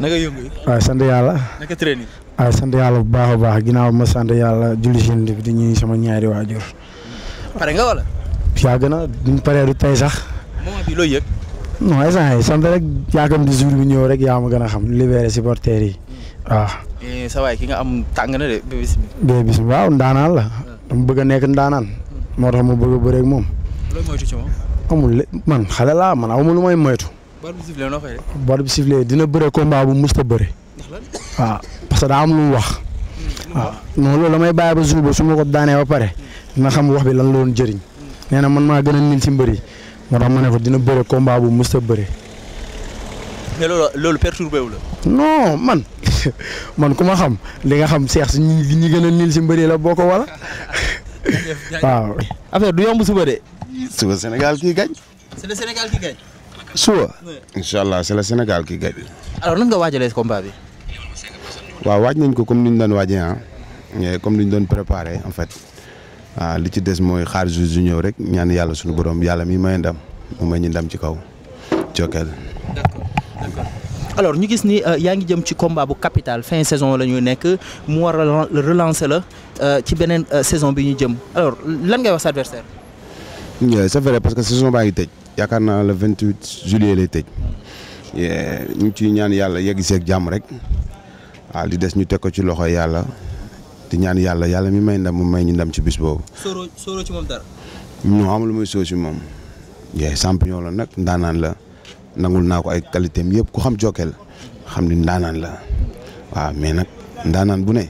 naka yëngu yi. waaw sant yàlla. naka sant yàlla bu baax a baax ginaaw ma sant yàlla julli si bi di ñuy sama ñaari waajur. pare nga wala. yàgg na duñ paree du tey sax. moment bi looy yëg. non sant rek yaakam di bi ñëw rek yaa ma gën a xam libéré supporters yi waaw. Eh, sa waay ki nga am tàng na de bébis bi. ndaanaan la. Hmm. dama bëgg a nekk ndaanaan. moo tax ma bëgg a bëreeg moom. looy moytu man xale laa man aw ma lu may moytu. bor bi sifflé dina bëre combat bu musta bëre. waaw parce que daa am lu mu wax. Hmm. waaw non loolu damay bàyyi ba jour ba su ma ko daanee ba pare dina xam wax bi lan la doon jëriñ. Hmm. nee na man maa gën a niil ci mbër moo tax ma ne ko dina bëre combat bu musta bëre. loolu loolu la. non man man ma xam li nga xam seex ñi gën a niil ci la boo ko wala. du yomb suba de. suba. incha allah c'est le Sénégal ki gañ. alors nan nga waajalee combat bi. waaw waaj nañ ko comme ni ñu doon waajee ah comme ni ñu doon préparé en fait waaw ah, li ci des mooy xaar ju ju ñëw rek ñaan yàlla suñu borom yàlla mi may ndam mu may ñu ndam ci kaw jokkeel. d'accord ñu gis ni euh, yaa ngi jëm ci combat bu capital fin saison lañuy nekk mu war a relancer la euh, ci beneen euh, saison bi ñu jëm alors lan ngay wax sa adversaire. c'est vrai parce que saison baa ngi tëj. yaakaar naa le 28 juillet lay tëj ñu ngi ciy ñaan yàlla yegg seeg jàmm rek waaw di des ñu teg ko ci loxo yàlla di ñaan yàlla yàlla mi may ndam mu may ñu ndam ci bis boobu. sóoroo sóoroo ci moom dara. non amul lu muy sóor moom. yee champion la nag ndaanaan la nangul naa ko ay qualité am yëpp ku xam Jokal xam ni ndaanaan la waaw mais nag ndaanaan bu ne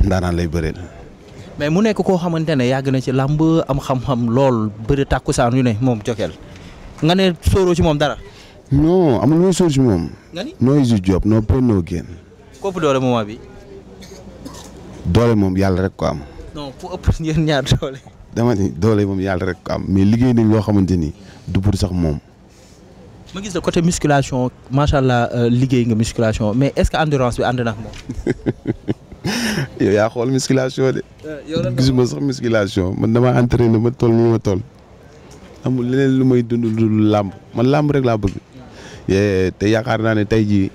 ndaanaan lay bëreel. mais mu nekk koo xamante ne yàgg na ci làmb am xam-xam lool bëri tàkkusaan yu ne moom Jokal. nga ne sóoroo ci moom dara. non amul mooy sóor ci moom. nga ni no easy job no pain no gain. doole bi. doole moom yàlla rek ko am. non ku ëpp yéen ñaar doole. dama ni doole moom yàlla rek am mais liggéey nañ loo xamante ni du pour sax moom. ma gis la côté musculation macha allah euh, liggéey nga musculation mais est-ce que endurance bi ànd na ak moom. yow yaa xool musculation de. Euh, gisuma sax musculation man damaa entraîné ma toll nii ma toll. amul leneen lu may dund lu làmb man làmb rek la bëgg te yaakaar naa ne tey jii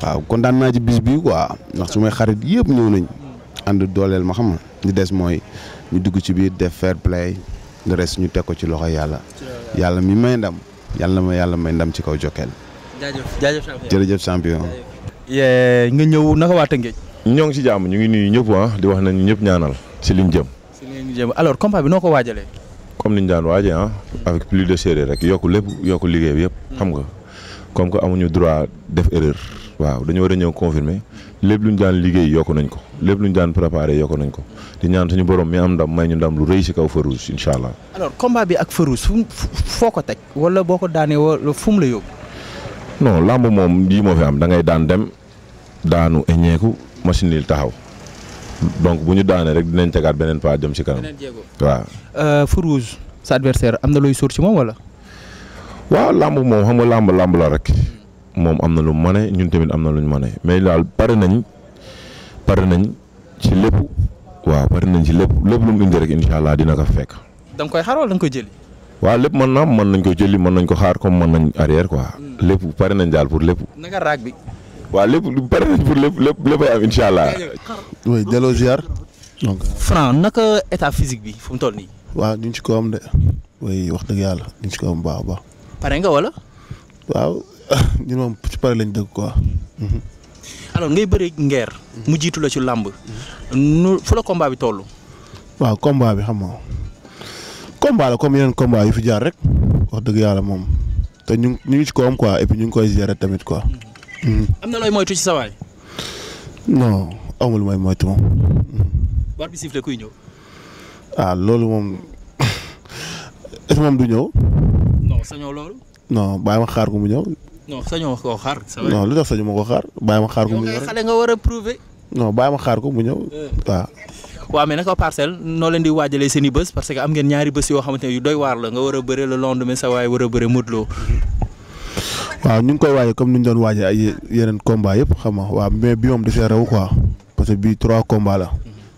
waaw kontaan naa ci bis bi quoi ndax su xarit yëpp ñëw nañ ànd dooleel ma xam nga des mooy ñu dugg ci biir def fair play le reste ñu teg ko ci loxo yàlla yàlla mi may ndam yàlla ma yàlla may ndam ci kaw jokkeel jaajëf jërëjëf champion nga ñëw naka waa Tëngéej ñoo ngi ci jàmm ñu ngi nu ñëpp ah, wax nañu ñëpp ñaanal alors combat bi noo ko waajalee comme ni ñu daan waajee ah. avec plus de séeréer rek yokk lépp yokk liggéey bi yëpp. xam nga comme que amuñu droit def erreur. waaw dañoo war a ñëw confirmer lépp lu ñu daan liggéey yokk nañ ko lépp lu ñu daan préparé yokk nañ ko di ñaan suñu borom mi am ndam may ñu ndam lu réy si kaw Feu Rouge incha allah. alors combat bi ak Feu Rouge foo ko teg. wala boo ko daanee wala fu la yóbbu. non làmb moom yii moo fi am da ngay daan dem daanu éñeeku machine yi taxaw. donc bu ñu daanee rek dinañ tegaat beneen pas jëm ci kanam. waaw. Euh, Feu Rouge sa adversaire am na looy sóor ci moom wala. waaw làmb moom xam nga làmb làmb la rek. moom am na lu mu mën ñun tamit am na lu ñu mën mais daal pare nañ pare nañ ci lépp. waaw pare nañ ci lépp lëpp lu mu indi rek incha allah dina ko fekk. da koy xaar wala da nga koy jëli. waaw lépp mën na mën nañ ko jëli mën nañ ko xaar comme mën nañ arrière quoi. Hmm. lépp pare nañ daal pour lépp. na nga bi. waaw lépp lu pare nañ lépp lépp léppay am incha allah. oui delloo ziar. donc Franc naka état physique bi fu mu toll nii. waaw ñu ngi ci ko de oui wax dëgg yàlla ñu ngi ci ko am bu baax a pare nga wala. waaw ñun moom ci pare lañ dëgg quoi. Mhm. alors ngay bëri ngeer. mu jiitu la ci làmb. nu fu la combat bi toll. waaw combat bi xam nga combat la comme yeneen combat yu fi jaar rek wax dëgg yàlla moom te ñu ñu ngi ci ko am quoi et puis ñu ngi koy gérer tamit quoi. Mm. am na looy moytu ci sa waay. non amul mooy moytu moom. Mm. war ah, loolu moom est moom du ñëw. non sañoo loolu. non bàyyi ma xaar ko mu ñëw. non xaar. non lu tax sañu ma ko xaar xale nga war a prouver. non bàyyi ma xaar ko mu ñëw eh. waaw. waaw mais nag parcelle noo leen di waajalee seen i bés parce que am ngeen ñaari bés yoo xamante ne yu doy waar la nga war a bare le lendemain sa waay war a bëre Modou waaw ñu ngi koy waaje comme ni ñu doon waaje ay yeneen combat yëpp xam nga waaw mais bi moom dafee raw quoi parce que bii trois combat la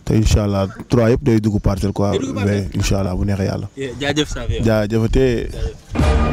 te incha allah trois yëpp day dugg parcelle quoi mais incha allah bu neexee yàlla. jaajëf Savio te